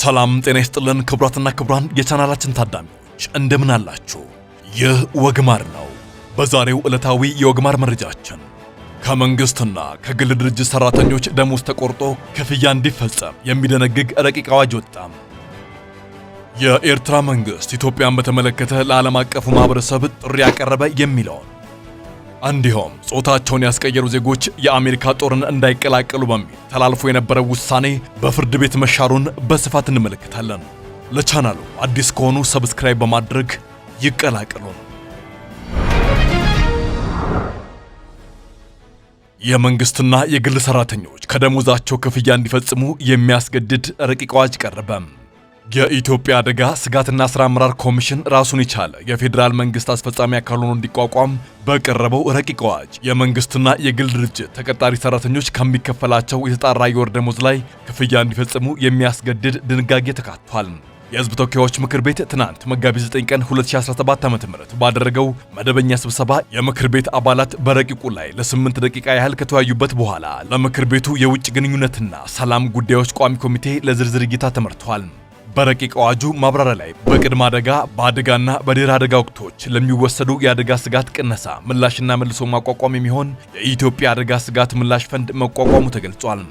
ሰላም ጤና ይስጥልን ክቡራትና ክቡራን የቻናላችን ታዳሚዎች እንደምን አላችሁ? ይህ ወግማር ነው። በዛሬው ዕለታዊ የወግማር መረጃችን ከመንግስትና ከግል ድርጅት ሰራተኞች ደሞዝ ተቆርጦ ክፍያ እንዲፈጸም የሚደነግግ ረቂቅ አዋጅ ወጣም። የኤርትራ መንግስት ኢትዮጵያን በተመለከተ ለዓለም አቀፉ ማህበረሰብ ጥሪ ያቀረበ የሚለውን እንዲሁም ጾታቸውን ያስቀየሩ ዜጎች የአሜሪካ ጦርን እንዳይቀላቀሉ በሚል ተላልፎ የነበረው ውሳኔ በፍርድ ቤት መሻሩን በስፋት እንመለከታለን። ለቻናሉ አዲስ ከሆኑ ሰብስክራይብ በማድረግ ይቀላቀሉ። የመንግስትና የግል ሰራተኞች ከደሞዛቸው ክፍያ እንዲፈጽሙ የሚያስገድድ ረቂቅ አዋጅ የኢትዮጵያ አደጋ ስጋትና ስራ አመራር ኮሚሽን ራሱን የቻለ የፌዴራል መንግስት አስፈጻሚ አካል ሆኖ እንዲቋቋም በቀረበው ረቂቅ አዋጅ የመንግስትና የግል ድርጅት ተቀጣሪ ሰራተኞች ከሚከፈላቸው የተጣራ የወር ደሞዝ ላይ ክፍያ እንዲፈጽሙ የሚያስገድድ ድንጋጌ ተካቷል። የህዝብ ተወካዮች ምክር ቤት ትናንት መጋቢት 9 ቀን 2017 ዓ.ም ባደረገው መደበኛ ስብሰባ የምክር ቤት አባላት በረቂቁ ላይ ለ8 ደቂቃ ያህል ከተወያዩበት በኋላ ለምክር ቤቱ የውጭ ግንኙነትና ሰላም ጉዳዮች ቋሚ ኮሚቴ ለዝርዝር እይታ ተመርቷል። በረቂቅ አዋጁ ማብራሪያ ላይ በቅድመ አደጋ በአደጋና በድህረ አደጋ ወቅቶች ለሚወሰዱ የአደጋ ስጋት ቅነሳ ምላሽና መልሶ ማቋቋም የሚሆን የኢትዮጵያ አደጋ ስጋት ምላሽ ፈንድ መቋቋሙ ተገልጿል።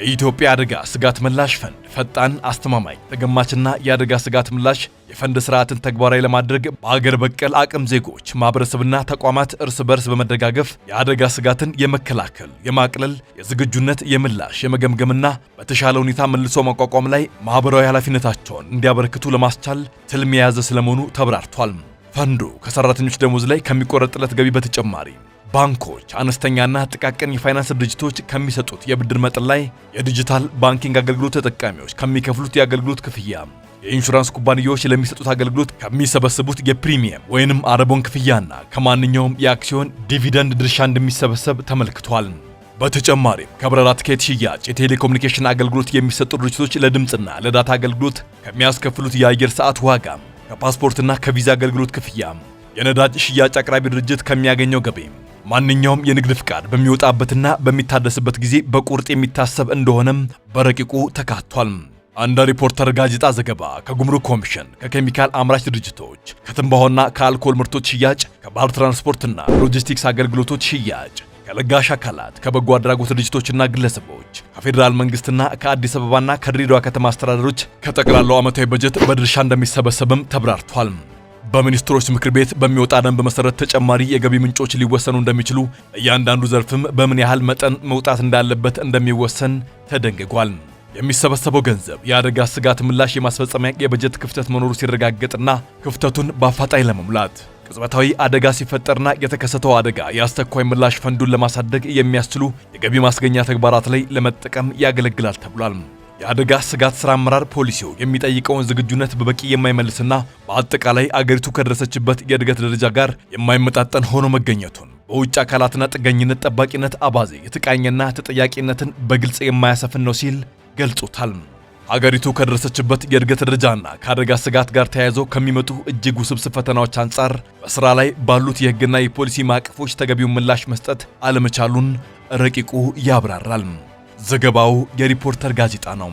የኢትዮጵያ አደጋ ስጋት ምላሽ ፈንድ ፈጣን፣ አስተማማኝ፣ ተገማችና የአደጋ ስጋት ምላሽ የፈንድ ስርዓትን ተግባራዊ ለማድረግ በአገር በቀል አቅም ዜጎች፣ ማህበረሰብና ተቋማት እርስ በርስ በመደጋገፍ የአደጋ ስጋትን የመከላከል፣ የማቅለል፣ የዝግጁነት፣ የምላሽ፣ የመገምገምና በተሻለ ሁኔታ መልሶ ማቋቋም ላይ ማህበራዊ ኃላፊነታቸውን እንዲያበረክቱ ለማስቻል ትልም የያዘ ስለመሆኑ ተብራርቷል። ፈንዱ ከሰራተኞች ደሞዝ ላይ ከሚቆረጥለት ገቢ በተጨማሪ ባንኮች አነስተኛና ጥቃቅን የፋይናንስ ድርጅቶች ከሚሰጡት የብድር መጠን ላይ የዲጂታል ባንኪንግ አገልግሎት ተጠቃሚዎች ከሚከፍሉት የአገልግሎት ክፍያ የኢንሹራንስ ኩባንያዎች ለሚሰጡት አገልግሎት ከሚሰበስቡት የፕሪሚየም ወይንም አረቦን ክፍያና ከማንኛውም የአክሲዮን ዲቪደንድ ድርሻ እንደሚሰበሰብ ተመልክቷል። በተጨማሪም ከበረራ ትኬት ሽያጭ፣ የቴሌኮሙኒኬሽን አገልግሎት የሚሰጡ ድርጅቶች ለድምፅና ለዳታ አገልግሎት ከሚያስከፍሉት የአየር ሰዓት ዋጋ፣ ከፓስፖርትና ከቪዛ አገልግሎት ክፍያ፣ የነዳጅ ሽያጭ አቅራቢ ድርጅት ከሚያገኘው ገቢ ማንኛውም የንግድ ፍቃድ በሚወጣበትና በሚታደስበት ጊዜ በቁርጥ የሚታሰብ እንደሆነም በረቂቁ ተካቷል። እንደ ሪፖርተር ጋዜጣ ዘገባ ከጉምሩክ ኮሚሽን፣ ከኬሚካል አምራች ድርጅቶች፣ ከትንባሆና ከአልኮል ምርቶች ሽያጭ፣ ከባህር ትራንስፖርትና ሎጂስቲክስ አገልግሎቶች ሽያጭ ከለጋሽ አካላት ከበጎ አድራጎት ድርጅቶችና ግለሰቦች ከፌዴራል መንግስትና ከአዲስ አበባና ከድሬዳዋ ከተማ አስተዳደሮች ከጠቅላላው ዓመታዊ በጀት በድርሻ እንደሚሰበሰብም ተብራርቷል። በሚኒስትሮች ምክር ቤት በሚወጣ ደንብ መሰረት ተጨማሪ የገቢ ምንጮች ሊወሰኑ እንደሚችሉ፣ እያንዳንዱ ዘርፍም በምን ያህል መጠን መውጣት እንዳለበት እንደሚወሰን ተደንግጓል። የሚሰበሰበው ገንዘብ የአደጋ ስጋት ምላሽ የማስፈጸሚያ የበጀት ክፍተት መኖሩ ሲረጋገጥና ክፍተቱን በአፋጣኝ ለመሙላት ቅጽበታዊ አደጋ ሲፈጠርና የተከሰተው አደጋ የአስቸኳይ ምላሽ ፈንዱን ለማሳደግ የሚያስችሉ የገቢ ማስገኛ ተግባራት ላይ ለመጠቀም ያገለግላል ተብሏል። የአደጋ ስጋት ስራ አመራር ፖሊሲው የሚጠይቀውን ዝግጁነት በበቂ የማይመልስና በአጠቃላይ አገሪቱ ከደረሰችበት የእድገት ደረጃ ጋር የማይመጣጠን ሆኖ መገኘቱን በውጭ አካላትና ጥገኝነት ጠባቂነት አባዜ የተቃኘና ተጠያቂነትን በግልጽ የማያሰፍን ነው ሲል ገልጾታል። አገሪቱ ከደረሰችበት የእድገት ደረጃና ከአደጋ ስጋት ጋር ተያይዘው ከሚመጡ እጅግ ውስብስብ ፈተናዎች አንጻር በስራ ላይ ባሉት የህግና የፖሊሲ ማዕቀፎች ተገቢውን ምላሽ መስጠት አለመቻሉን ረቂቁ ያብራራል። ዘገባው የሪፖርተር ጋዜጣ ነው።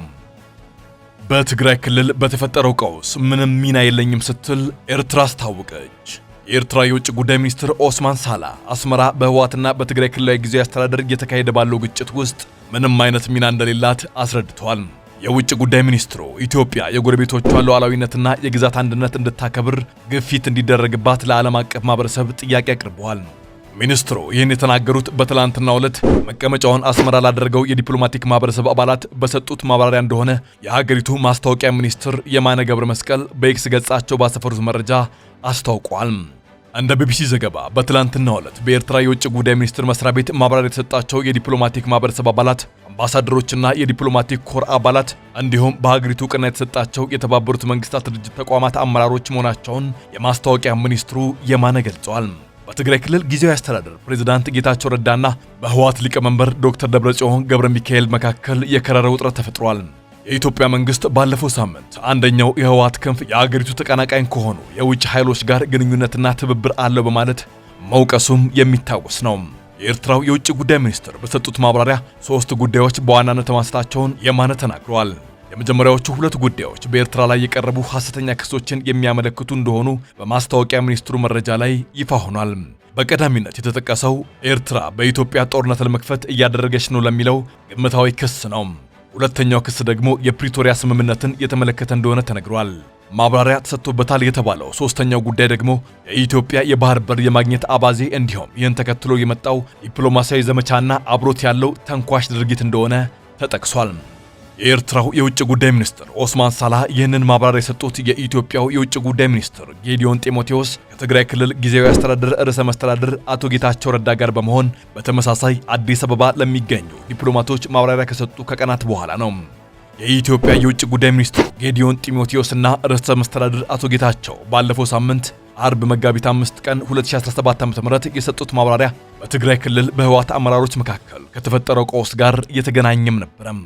በትግራይ ክልል በተፈጠረው ቀውስ ምንም ሚና የለኝም ስትል ኤርትራ አስታወቀች። የኤርትራ የውጭ ጉዳይ ሚኒስትር ኦስማን ሳላ አስመራ በህወሓትና በትግራይ ክልላዊ ጊዜያዊ አስተዳደር እየተካሄደ ባለው ግጭት ውስጥ ምንም አይነት ሚና እንደሌላት አስረድቷል። የውጭ ጉዳይ ሚኒስትሩ ኢትዮጵያ የጎረቤቶቿ ሉዓላዊነትና የግዛት አንድነት እንድታከብር ግፊት እንዲደረግባት ለዓለም አቀፍ ማህበረሰብ ጥያቄ አቅርበዋል። ሚኒስትሩ ይህን የተናገሩት በትላንትናው ዕለት መቀመጫውን አስመራ ላደረገው የዲፕሎማቲክ ማህበረሰብ አባላት በሰጡት ማብራሪያ እንደሆነ የሀገሪቱ ማስታወቂያ ሚኒስትር የማነ ገብረ መስቀል በኤክስ ገጻቸው ባሰፈሩት መረጃ አስታውቋል። እንደ ቢቢሲ ዘገባ በትላንትናው ዕለት በኤርትራ የውጭ ጉዳይ ሚኒስቴር መስሪያ ቤት ማብራሪያ የተሰጣቸው የዲፕሎማቲክ ማህበረሰብ አባላት አምባሳደሮችና የዲፕሎማቲክ ኮር አባላት እንዲሁም በሀገሪቱ እውቅና የተሰጣቸው የተባበሩት መንግስታት ድርጅት ተቋማት አመራሮች መሆናቸውን የማስታወቂያ ሚኒስትሩ የማነ ገልጸዋል። በትግራይ ክልል ጊዜያዊ አስተዳደር ፕሬዝዳንት ጌታቸው ረዳና በህወሓት ሊቀመንበር ዶክተር ደብረጽዮን ገብረ ሚካኤል መካከል የከረረ ውጥረት ተፈጥሯል። የኢትዮጵያ መንግስት ባለፈው ሳምንት አንደኛው የህወሓት ክንፍ የአገሪቱ ተቀናቃኝ ከሆኑ የውጭ ኃይሎች ጋር ግንኙነትና ትብብር አለው በማለት መውቀሱም የሚታወስ ነው። የኤርትራው የውጭ ጉዳይ ሚኒስትር በሰጡት ማብራሪያ ሶስት ጉዳዮች በዋናነት ማንሳታቸውን የማነ ተናግረዋል። የመጀመሪያዎቹ ሁለት ጉዳዮች በኤርትራ ላይ የቀረቡ ሐሰተኛ ክሶችን የሚያመለክቱ እንደሆኑ በማስታወቂያ ሚኒስትሩ መረጃ ላይ ይፋ ሆኗል። በቀዳሚነት የተጠቀሰው ኤርትራ በኢትዮጵያ ጦርነት ለመክፈት እያደረገች ነው ለሚለው ግምታዊ ክስ ነው። ሁለተኛው ክስ ደግሞ የፕሪቶሪያ ስምምነትን የተመለከተ እንደሆነ ተነግሯል። ማብራሪያ ተሰጥቶበታል የተባለው ሶስተኛው ጉዳይ ደግሞ የኢትዮጵያ የባህር በር የማግኘት አባዜ እንዲሁም ይህን ተከትሎ የመጣው ዲፕሎማሲያዊ ዘመቻና አብሮት ያለው ተንኳሽ ድርጊት እንደሆነ ተጠቅሷል። የኤርትራው የውጭ ጉዳይ ሚኒስትር ኦስማን ሳላ ይህንን ማብራሪያ የሰጡት የኢትዮጵያው የውጭ ጉዳይ ሚኒስትር ጌዲዮን ጢሞቴዎስ ከትግራይ ክልል ጊዜያዊ አስተዳደር ርዕሰ መስተዳድር አቶ ጌታቸው ረዳ ጋር በመሆን በተመሳሳይ አዲስ አበባ ለሚገኙ ዲፕሎማቶች ማብራሪያ ከሰጡ ከቀናት በኋላ ነው። የኢትዮጵያ የውጭ ጉዳይ ሚኒስትር ጌዲዮን ጢሞቴዎስና ርዕሰ መስተዳድር አቶ ጌታቸው ባለፈው ሳምንት አርብ መጋቢት 5 ቀን 2017 ዓ.ም የሰጡት ማብራሪያ በትግራይ ክልል በህወሓት አመራሮች መካከል ከተፈጠረው ቀውስ ጋር እየተገናኘም ነበረም።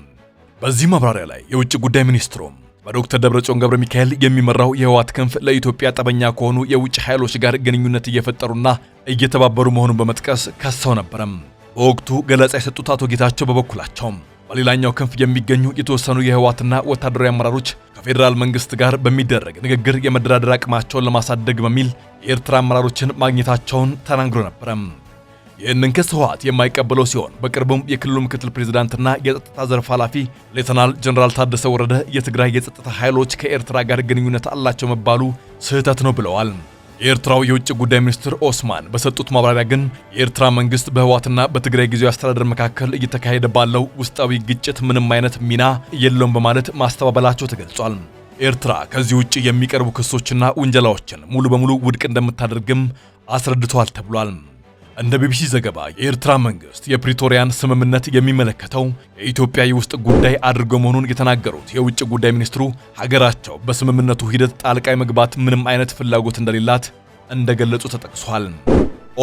በዚህ ማብራሪያ ላይ የውጭ ጉዳይ ሚኒስትሩም በዶክተር ደብረጽዮን ገብረ ሚካኤል የሚመራው የህወሓት ክንፍ ለኢትዮጵያ ጠበኛ ከሆኑ የውጭ ኃይሎች ጋር ግንኙነት እየፈጠሩና እየተባበሩ መሆኑን በመጥቀስ ከሰው ነበረም። በወቅቱ ገለጻ የሰጡት አቶ ጌታቸው በበኩላቸው በሌላኛው ክንፍ የሚገኙ የተወሰኑ የህወሓትና ወታደራዊ አመራሮች ከፌዴራል መንግስት ጋር በሚደረግ ንግግር የመደራደር አቅማቸውን ለማሳደግ በሚል የኤርትራ አመራሮችን ማግኘታቸውን ተናግሮ ነበረም። ይህንን ክስ ህወሓት የማይቀበለው ሲሆን በቅርቡም የክልሉ ምክትል ፕሬዝዳንትና የጸጥታ ዘርፍ ኃላፊ ሌተናል ጀኔራል ታደሰ ወረደ የትግራይ የጸጥታ ኃይሎች ከኤርትራ ጋር ግንኙነት አላቸው መባሉ ስህተት ነው ብለዋል። የኤርትራው የውጭ ጉዳይ ሚኒስትር ኦስማን በሰጡት ማብራሪያ ግን የኤርትራ መንግስት በህወሓትና በትግራይ ጊዜያዊ አስተዳደር መካከል እየተካሄደ ባለው ውስጣዊ ግጭት ምንም አይነት ሚና የለውም በማለት ማስተባበላቸው ተገልጿል። ኤርትራ ከዚህ ውጭ የሚቀርቡ ክሶችና ውንጀላዎችን ሙሉ በሙሉ ውድቅ እንደምታደርግም አስረድተዋል ተብሏል። እንደ ቢቢሲ ዘገባ የኤርትራ መንግስት የፕሪቶሪያን ስምምነት የሚመለከተው የኢትዮጵያ የውስጥ ጉዳይ አድርጎ መሆኑን የተናገሩት የውጭ ጉዳይ ሚኒስትሩ ሀገራቸው በስምምነቱ ሂደት ጣልቃ መግባት ምንም አይነት ፍላጎት እንደሌላት እንደገለጹ ተጠቅሷል።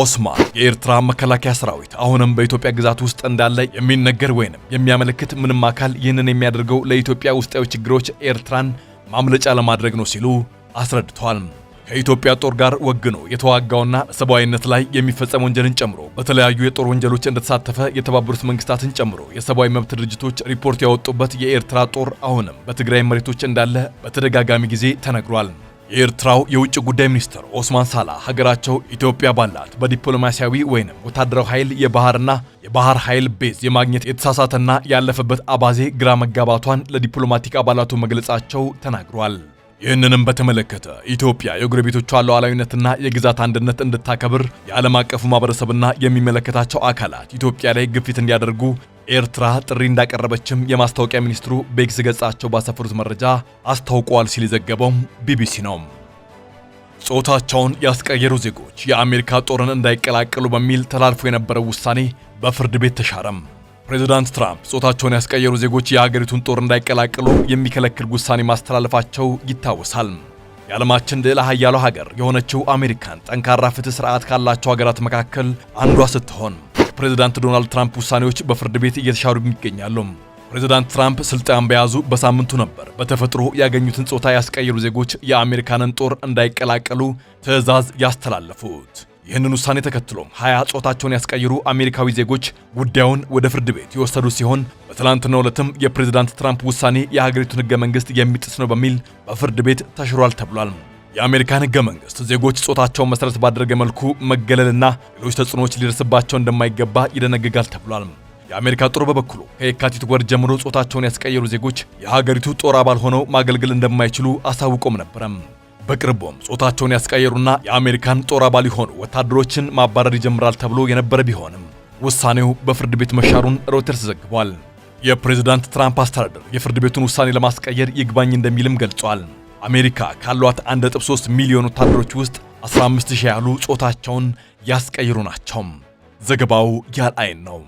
ኦስማን የኤርትራ መከላከያ ሰራዊት አሁንም በኢትዮጵያ ግዛት ውስጥ እንዳለ የሚነገር ወይንም የሚያመለክት ምንም አካል ይህንን የሚያደርገው ለኢትዮጵያ ውስጣዊ ችግሮች ኤርትራን ማምለጫ ለማድረግ ነው ሲሉ አስረድቷል። ከኢትዮጵያ ጦር ጋር ወግኖ የተዋጋውና ሰብአዊነት ላይ የሚፈጸም ወንጀልን ጨምሮ በተለያዩ የጦር ወንጀሎች እንደተሳተፈ የተባበሩት መንግስታትን ጨምሮ የሰብአዊ መብት ድርጅቶች ሪፖርት ያወጡበት የኤርትራ ጦር አሁንም በትግራይ መሬቶች እንዳለ በተደጋጋሚ ጊዜ ተነግሯል። የኤርትራው የውጭ ጉዳይ ሚኒስትር ኦስማን ሳላ ሀገራቸው ኢትዮጵያ ባላት በዲፕሎማሲያዊ ወይንም ወታደራዊ ኃይል የባህርና የባህር ኃይል ቤዝ የማግኘት የተሳሳተና ያለፈበት አባዜ ግራ መጋባቷን ለዲፕሎማቲክ አባላቱ መግለጻቸው ተናግሯል። ይህንንም በተመለከተ ኢትዮጵያ የጎረቤቶቿ ሉዓላዊነትና የግዛት አንድነት እንድታከብር የዓለም አቀፉ ማህበረሰብና የሚመለከታቸው አካላት ኢትዮጵያ ላይ ግፊት እንዲያደርጉ ኤርትራ ጥሪ እንዳቀረበችም የማስታወቂያ ሚኒስትሩ በኤክስ ገጻቸው ባሰፈሩት መረጃ አስታውቋል ሲል የዘገበውም ቢቢሲ ነው። ጾታቸውን ያስቀየሩ ዜጎች የአሜሪካ ጦርን እንዳይቀላቀሉ በሚል ተላልፎ የነበረው ውሳኔ በፍርድ ቤት ተሻረም። ፕሬዚዳንት ትራምፕ ጾታቸውን ያስቀየሩ ዜጎች የሀገሪቱን ጦር እንዳይቀላቅሉ የሚከለክል ውሳኔ ማስተላለፋቸው ይታወሳል። የዓለማችን ልዕለ ሀያሏ ሀገር የሆነችው አሜሪካን ጠንካራ ፍትህ ስርዓት ካላቸው ሀገራት መካከል አንዷ ስትሆን ፕሬዚዳንት ዶናልድ ትራምፕ ውሳኔዎች በፍርድ ቤት እየተሻሩ ይገኛሉ። ፕሬዚዳንት ትራምፕ ስልጣን በያዙ በሳምንቱ ነበር በተፈጥሮ ያገኙትን ጾታ ያስቀየሩ ዜጎች የአሜሪካንን ጦር እንዳይቀላቀሉ ትዕዛዝ ያስተላለፉት። ይህንን ውሳኔ ተከትሎ ሀያ ጾታቸውን ያስቀይሩ አሜሪካዊ ዜጎች ጉዳዩን ወደ ፍርድ ቤት የወሰዱ ሲሆን በትላንትናው ዕለትም የፕሬዝዳንት ትራምፕ ውሳኔ የሀገሪቱን ህገ መንግስት የሚጥስ ነው በሚል በፍርድ ቤት ተሽሯል ተብሏል። የአሜሪካን ህገ መንግስት ዜጎች ጾታቸውን መሰረት ባደረገ መልኩ መገለልና ሌሎች ተጽዕኖዎች ሊደርስባቸው እንደማይገባ ይደነግጋል ተብሏል። የአሜሪካ ጦር በበኩሉ ከየካቲት ወር ጀምሮ ጾታቸውን ያስቀየሩ ዜጎች የሀገሪቱ ጦር አባል ሆነው ማገልገል እንደማይችሉ አሳውቆም ነበረም። በቅርቡም ጾታቸውን ያስቀየሩና የአሜሪካን ጦር አባል የሆኑ ወታደሮችን ማባረር ይጀምራል ተብሎ የነበረ ቢሆንም ውሳኔው በፍርድ ቤት መሻሩን ሮይተርስ ዘግቧል። የፕሬዝዳንት ትራምፕ አስተዳደር የፍርድ ቤቱን ውሳኔ ለማስቀየር ይግባኝ እንደሚልም ገልጿል። አሜሪካ ካሏት 1.3 ሚሊዮን ወታደሮች ውስጥ 15 ሺህ ያህሉ ጾታቸውን ያስቀይሩ ናቸው። ዘገባው ያልአይን ነው።